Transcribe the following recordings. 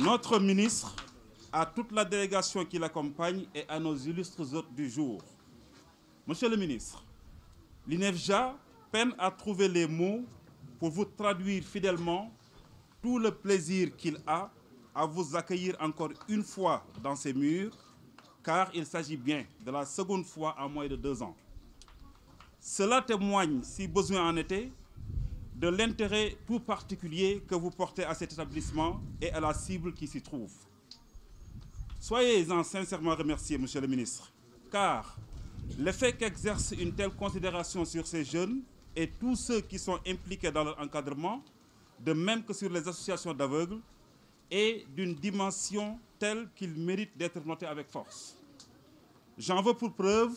Notre ministre, à toute la délégation qui l'accompagne et à nos illustres hôtes du jour. Monsieur le ministre, l'INEFJA peine à trouver les mots pour vous traduire fidèlement tout le plaisir qu'il a à vous accueillir encore une fois dans ces murs, car il s'agit bien de la seconde fois en moins de deux ans. Cela témoigne, si besoin en était, de l'intérêt tout particulier que vous portez à cet établissement et à la cible qui s'y trouve. Soyez-en sincèrement remerciés, Monsieur le ministre, car l'effet qu'exerce une telle considération sur ces jeunes et tous ceux qui sont impliqués dans leur encadrement, de même que sur les associations d'aveugles, est d'une dimension telle qu'il mérite d'être noté avec force. J'en veux pour preuve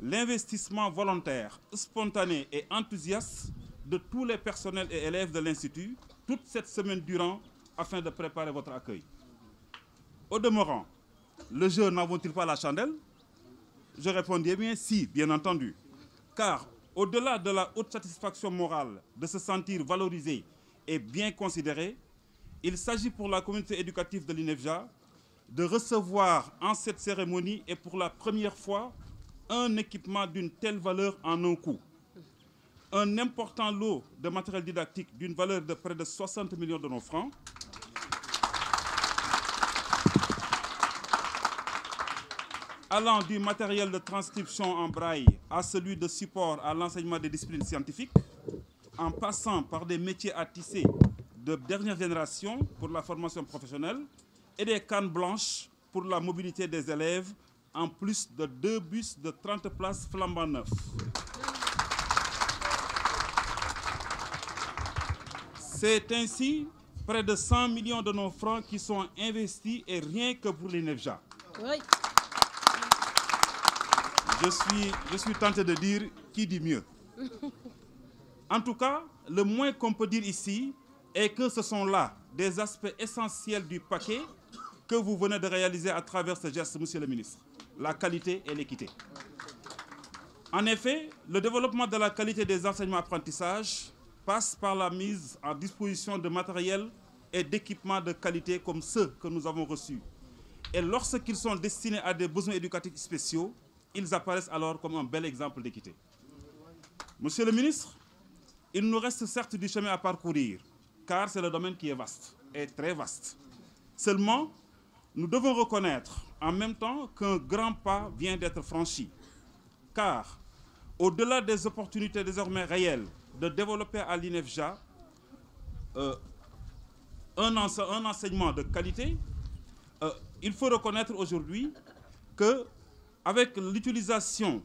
l'investissement volontaire, spontané et enthousiaste de tous les personnels et élèves de l'Institut toute cette semaine durant afin de préparer votre accueil. Au demeurant, le jeu n'en vaut-il pas la chandelle? Je répondis eh bien si, bien entendu, car au-delà de la haute satisfaction morale de se sentir valorisé et bien considéré, il s'agit pour la communauté éducative de l'INEFJA de recevoir en cette cérémonie et pour la première fois un équipement d'une telle valeur en un coup. un important lot de matériel didactique d'une valeur de près de 60 millions de nos francs. allant du matériel de transcription en braille à celui de support à l'enseignement des disciplines scientifiques, en passant par des métiers à tisser de dernière génération pour la formation professionnelle et des cannes blanches pour la mobilité des élèves, en plus de deux bus de 30 places flambant neufs. C'est ainsi près de 100 millions de nos francs qui sont investis et rien que pour l'INEFJA. Oui. Je je suis tenté de dire qui dit mieux. En tout cas, le moins qu'on peut dire ici est que ce sont là des aspects essentiels du paquet que vous venez de réaliser à travers ce geste, monsieur le ministre, la qualité et l'équité. En effet, le développement de la qualité des enseignements apprentissages passe par la mise en disposition de matériel et d'équipements de qualité comme ceux que nous avons reçus. Et lorsqu'ils sont destinés à des besoins éducatifs spéciaux, ils apparaissent alors comme un bel exemple d'équité. Monsieur le ministre, il nous reste certes du chemin à parcourir, car c'est le domaine qui est vaste, et très vaste. Seulement, nous devons reconnaître en même temps qu'un grand pas vient d'être franchi, car au-delà des opportunités désormais réelles de développer à l'INEFJA euh, un, ense un enseignement de qualité. Euh, il faut reconnaître aujourd'hui que avec l'utilisation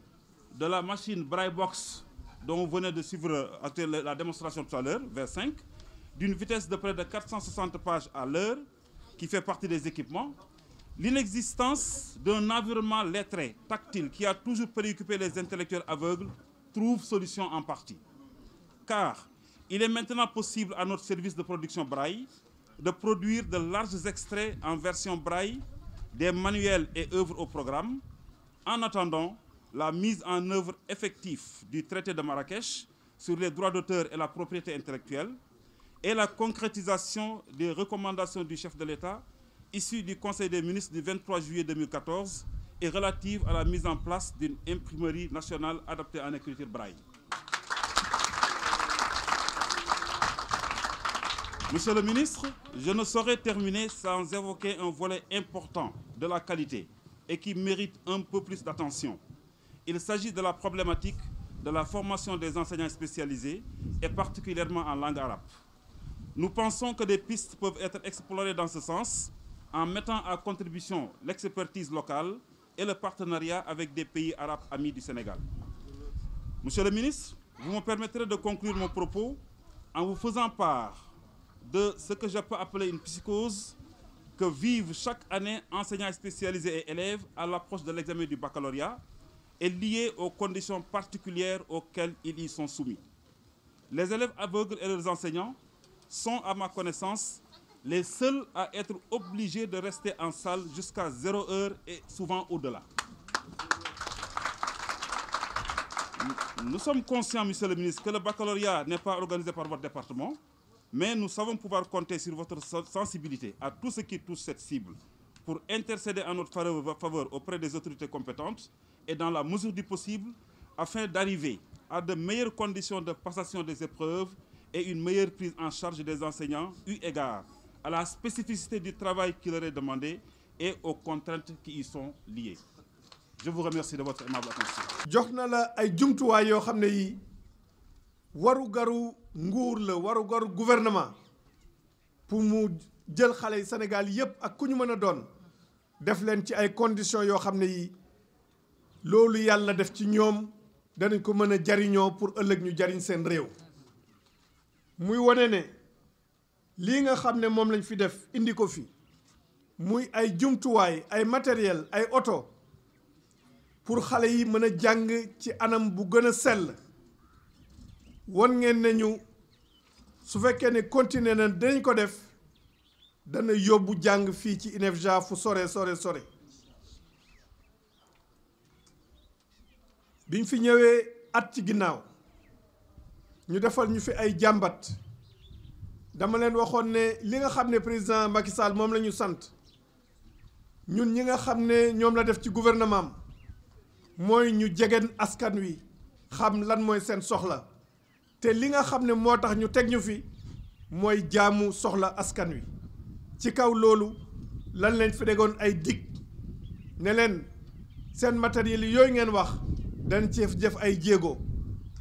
de la machine Braille Box dont vous venez de suivre euh, la démonstration tout à l'heure, vers 5, d'une vitesse de près de 460 pages à l'heure, qui fait partie des équipements, l'inexistence d'un environnement lettré, tactile, qui a toujours préoccupé les intellectuels aveugles, trouve solution en partie. car il est maintenant possible à notre service de production braille de produire de larges extraits en version braille des manuels et œuvres au programme en attendant la mise en œuvre effective du traité de Marrakech sur les droits d'auteur et la propriété intellectuelle et la concrétisation des recommandations du chef de l'État issues du Conseil des ministres du 23 juillet 2014 et relative à la mise en place d'une imprimerie nationale adaptée en écriture braille. Monsieur le ministre, je ne saurais terminer sans évoquer un volet important de la qualité et qui mérite un peu plus d'attention. Il s'agit de la problématique de la formation des enseignants spécialisés et particulièrement en langue arabe. Nous pensons que des pistes peuvent être explorées dans ce sens en mettant à contribution l'expertise locale et le partenariat avec des pays arabes amis du Sénégal. Monsieur le ministre, vous me permettrez de conclure mon en vous de ce que je peux appeler une psychose que vivent chaque année enseignants spécialisés et élèves à l'approche de l'examen du baccalauréat et liée aux conditions particulières auxquelles ils y sont soumis. Les élèves aveugles et leurs enseignants sont, à ma connaissance, les seuls à être obligés de rester en salle jusqu'à zéro heure et souvent au-delà. Nous sommes conscients, Monsieur le ministre, que le baccalauréat n'est pas organisé par votre département. mais nous savons pouvoir compter sur votre sensibilité à tout ce qui touche cette cible pour intercéder en notre faveur auprès des autorités compétentes et dans la mesure du possible afin d'arriver à de meilleures conditions de passation des épreuves et une meilleure prise en charge des enseignants eu égard à la spécificité du travail qui leur est demandé et aux contraintes qui y sont liées. Je vous remercie de votre aimable attention. jox na la ay jumtuwaay yoo xam ne yii waru garu nguur la waru garu gouvernement pour mu jël xale yi senegal yépp ak ku ñu mën a doon def leen ci ay conditions yoo xam ne yi loolu yàlla def ci ñoom danañ ko mën a jariñoo pour ëllëg ñu jariñ seen réew muy wane ne lii nga xam ne moom lañ fi def indi ko fi muy ay jumtuwaay ay matériel ay oto pour xale yi mën a jàng ci anam bu gën a sell won ngeen ne ñu su fekkee ne continuer na dinañ ko def dana yóbbu jàng fii ci INEFJA fu sore sore sore biñ fi ñëwee at ci ginnaaw ñu defal ñu fi ay jàmbat dama leen waxoon ne li nga xam ne président Macky Sall moom lañu sant ñun ñi nga xam ne ñoom la def ci gouvernement mooy ñu jegen askan wi xam lan mooy seen soxla te li nga xam ne moo tax ñu teg ñu fi mooy jaamu soxla askan wi ci kaw loolu lan leen fi degoon ay dig ne leen seen matériel yooyu ngeen wax danañ ci def ay jéego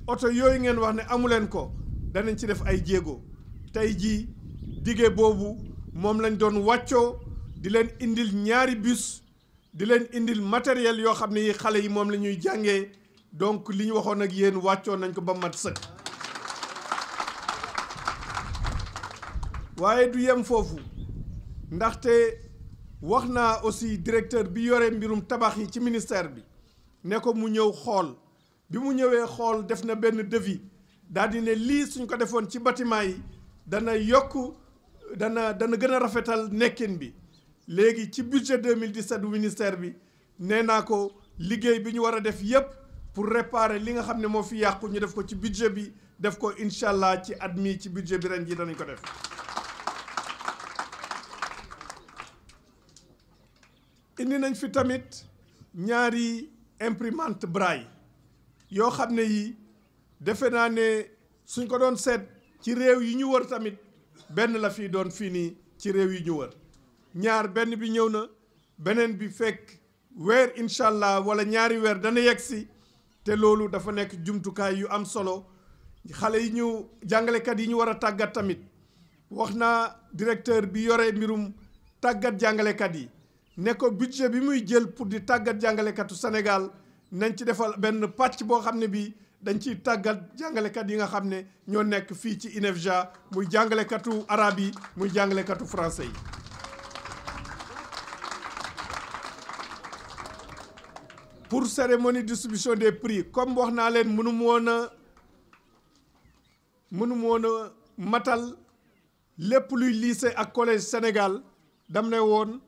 oto yooyu ngeen wax ne amuleen ko danañ ci def ay jéego tey ji dige boobu moom lañ doon wàccoo di leen indil ñaari bus di leen indil matériel yoo xam ne yi xale yi moom la ñuy jàngee donc li ñu waxoon ak yéen wàccoon nañ ko ba mat sëkk waaye du yem foofu ndaxte wax naa aussi directeur bi yore mbirum tabax yi ci ministère bi ne ko mu ñëw xool bi mu ñëwee xool def na benn devis daal di ne lii suñ ko defoon ci bâtiment yi dana yokk dana dana gën a rafetal nekkin bi léegi ci budget 2017 bu ministère bi nee naa ko liggéey bi ñu war a def yépp pour réparer li nga xam ne moo fi yàqu ñu def ko ci budget bi def ko incha allah ci at mi ci budget bi ren ji danañ ko def indi nañ fi tamit ñaari imprimante braille yoo xam ne yi defe naa ne suñ ko doon seet ci réew yi ñu wër tamit benn la fii doon fii nii ci réew yi ñu wër ñaar benn bi ñëw na beneen bi fekk weer incha allah wala ñaari weer dana yegg si te loolu dafa nekk jumtukaay yu am solo xale yi ñu jàngalekat yi ñu war a tàggat tamit wax naa directeur bi yore mbirum tàggat jàngalekat yi ne ko budget bi muy jël pour di tàggat jàngalekatu Sénégal nañ ci defal benn pàcc boo xam ne bii dañ ciy tàggat jàngalekat yi nga xam ne ñoo nekk fii ci INEFJA muy jàngalekatu arab yi muy jàngalekatu français yi. pour cérémonie distribution des prix comme wax naa leen mënu moon a mënu matal lépp luy lycée ak collège Sénégal dam ne woon.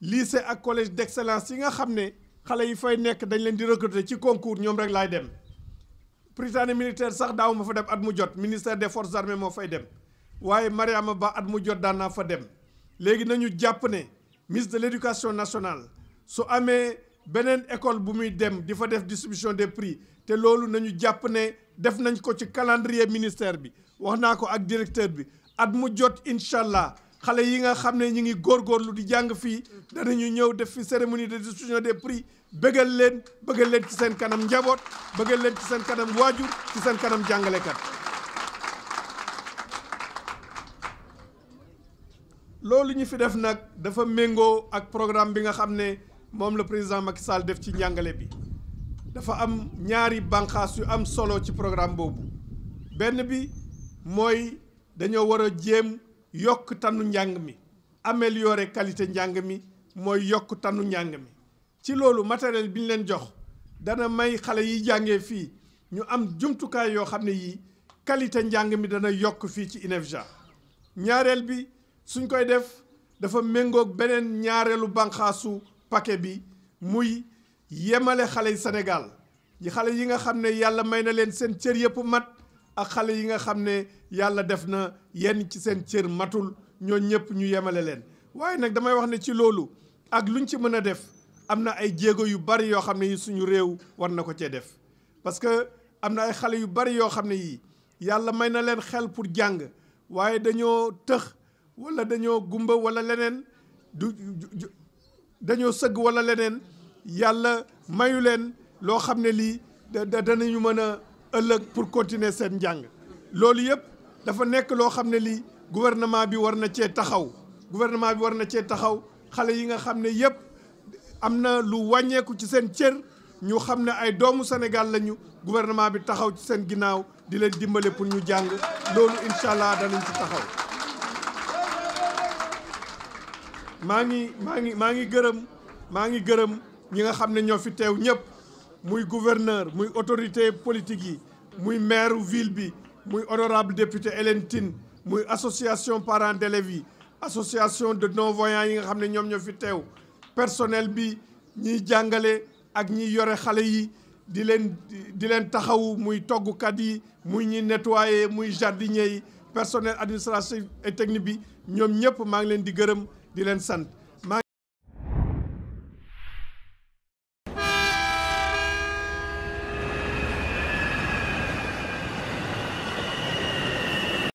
lycée ak collège d'excellence yi nga xam ne xale yi fay nekk dañ leen di recruter ci concours ñoom rek laay dem prytanée militaire sax daaw ma fa dem at mu jot ministère des forces armées moo fay dem waaye Mariama Ba at mu jot daan fa dem léegi nañu jàpp ne ministre de l'éducation nationale su amee beneen école bu muy dem di fa def distribution des prix te loolu nañu jàpp ne def nañ ko ci calendrier ministère bi wax naa ko ak directeur bi at mu jot incha allah xale yi nga xam ne ñu ngi góor góorgóorlu di jàng fii danañu ñëw def fi cérémonie de distribution des prix bëggal leen bëggal leen ci seen kanam njaboot bëggal leen ci seen kanam waajur ci seen kanam jàngalekat loolu ñu fi def nag dafa méngoo ak programme bi nga xam ne moom la président Macky Sall def ci njàngale bi dafa am ñaari bànqaas yu am solo ci programme boobu benn bi mooy dañoo war a jéem yokk tanu njàng mi ameliore qualité njàng mi mooy yokk tanu njàng mi ci loolu matériel bi ñu leen jox dana may xale yi jàngee fii ñu am jumtukaay yoo xam ne yii qualité njàng mi dana yokk fii ci INEFJA ñaareel bi suñ koy def dafa méngook beneen ñaareelu banqaasu pake bi muy yemale xale yi Sénégal yi xale yi nga xam ne yàlla may na leen seen cër yëpp mat ak xale yi nga xam ne yàlla def na yenn ci seen cër matul ñoo ñëpp ñu yemale leen waaye nag damay wax ne ci loolu ak lu luñ ci mën a def am na ay jéego yu bari yoo xam ne yi suñu réew war na ko cee def parce que am na ay xale yu bari yoo xam ne yii yàlla may na leen xel pour jàng waaye dañoo tëx wala dañoo gumba wala leneen du dañoo sëgg wala leneen yàlla mayu leen loo xam ne lii da danañu mën a ëllëg pour continuer seen njàng loolu yëpp dafa nekk loo xam ne lii gouvernement bi war na cee taxaw gouvernement bi war na cee taxaw xale yi nga xam ne yëpp am na lu wàññeeku ci seen cër ñu xam ne ay doomu Sénégal lañu gouvernement bi taxaw ci seen ginnaaw di leen dimbale pour ñu jàng loolu incha allah danañ ci taxaw maa ngi maa ngi maa ngi gërëm maa ngi gërëm ñi nga xam ne ñoo fi teew ñëpp muy gouverneur muy autorité politique yi muy maire ville bi muy honorable député Hélène muy association parents d'élèves yi association de non voyants yi nga xam ne ñoom ñoo fi teew personnel bi ñiy jàngale ak ñiy yore xale yi di leen di leen taxawu muy toggkat yi muy ñi nettoyer muy jardinier yi personnel administratif et technique bi ñoom ñëpp maa ngi leen di gërëm di leen sant